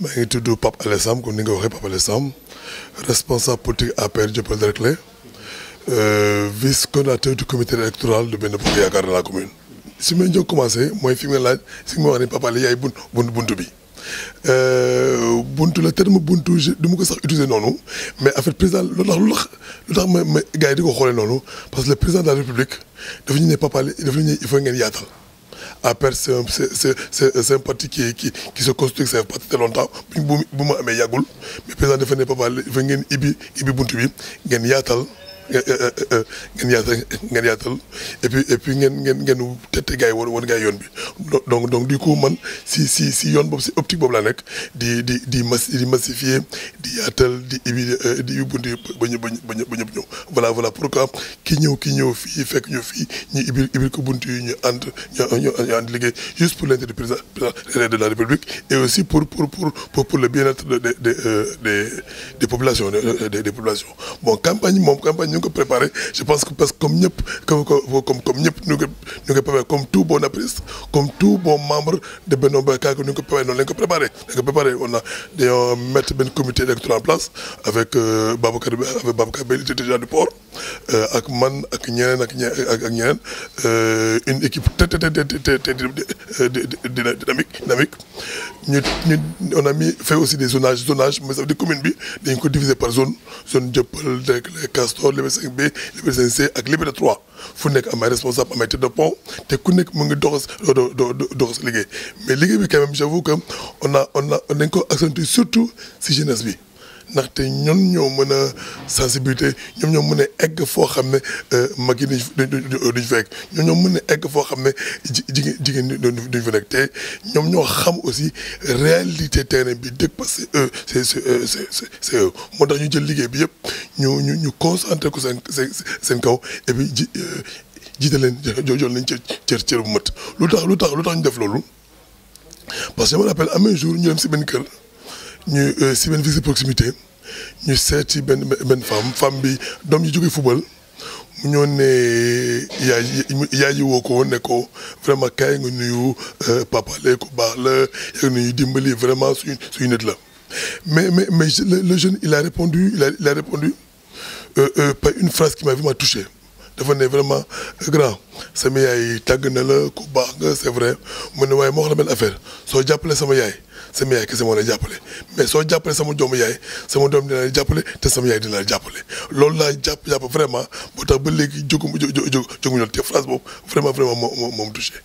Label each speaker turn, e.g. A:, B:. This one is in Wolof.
A: mais ngi tudd Pape Alé Samb comme ni nga waxee Pape Alé responsable politique APR Dieuppeul Derklé euh, vice coordinateur du comité électoral de Benno Bokk Yaakaar de la commune. si may njëkk commencé mooy fi nga laaj si nga wax ne Pape Alé yaay bunt buntu bi euh, buntu la terme buntu je du ma ko sax utiliser noonu mais en fait président lu tax lu tax lu tax ma gars yi di ko xoolee parce que le président de la république dafa ñu ne Pape Alé dafa ñu ne il faut ngeen yaatal. APR c'est un c'est un parti qui qui qui se construit c'est un parti de longtemps bu bu ma amee yàggul mais président dafa ne papa fa ibi ibi buntu bi ngeen yaatal. Euh, euh, euh, yaatal et puis et puis ngeen ngeen ngeen tette gars yi gars bi donc donc du coup man si si si yoon bob si optique bob la nekk di di di di massifier di yaatal di ibi di yóbbuwante ba ñu ba ba ñëpp voilà voilà pourquoi ki ñëw ki ñëw fii fekk ñu fi ñu ibil ibil ko bunt yi ñu and ñu ànd juste pour l'intérêt président de la République et aussi pour pour pour pour pour le bien-être des des des populations des populations bon campagne mon campagne ñu ngi ko préparé je pense que parce que comme ñëpp comme comme comme ñëpp ñu ngi ñu préparer, comme tout bon apprenti comme tout bon membre de Benno Bokk Yaakaar ñu ngi ko préparé noonu la ñu ko préparé on a mettre benn comité électoral en place avec euh, Babacar avec Babacar Bèye déjà du port euh, avec man ak ñeneen ak euh, une équipe très dynamique on a fait aussi des zonages mais ça veut dire commune bi dañ ko diviser par zone zone Dieuppeul les Castors 5B Liberté 5C ak Liberté 3 Il faut être responsable am ay de pont et ku nekk mu ngi dox do mais liggéey quand même j'avoue qu'on on a on a accentué surtout si jeunesses bi. ndaxte ñun ñoo mën a sensibilité ñoom ñoo mën a egg foo xam ne euh, mag yi duñ duñ fa ñoom mën a egg foo xam ne ji jigéen jigéen duñ fa nekk te ñoom ñoo xam aussi réalité terrain bi dëkk parce que euh, c'est c'est c'est eux moo tax ñu jël liggéey bi yëpp ñu ñu ñu concentré ko seen seen seen kaw et puis ji euh, jiite leen jojoon nañ cër cër bu mat lu tax lu tax lu tax ñu def loolu parce que je me rappelle jour ñu dem si benn kër. nous euh, si benn visite proximité nous avons benn benn femme femme qui football mu est vraiment euh, papa le ko vraiment suñu mais le jeune il a répondu il a répondu euh, par une phrase qui m'a touché dafa vraiment grand C'est vrai, c'est vrai mu affaire sama yaay kese moo lay jàppale mais soo jàppale sama doomu yaay sama doom dina la jàppale te sama yaay dina la jàppale loolu laa jàpp jàpp vraiment boo tax ba léegi jógum jógum jógum ñoon te phrase boobu vraiment vraiment moom moom touché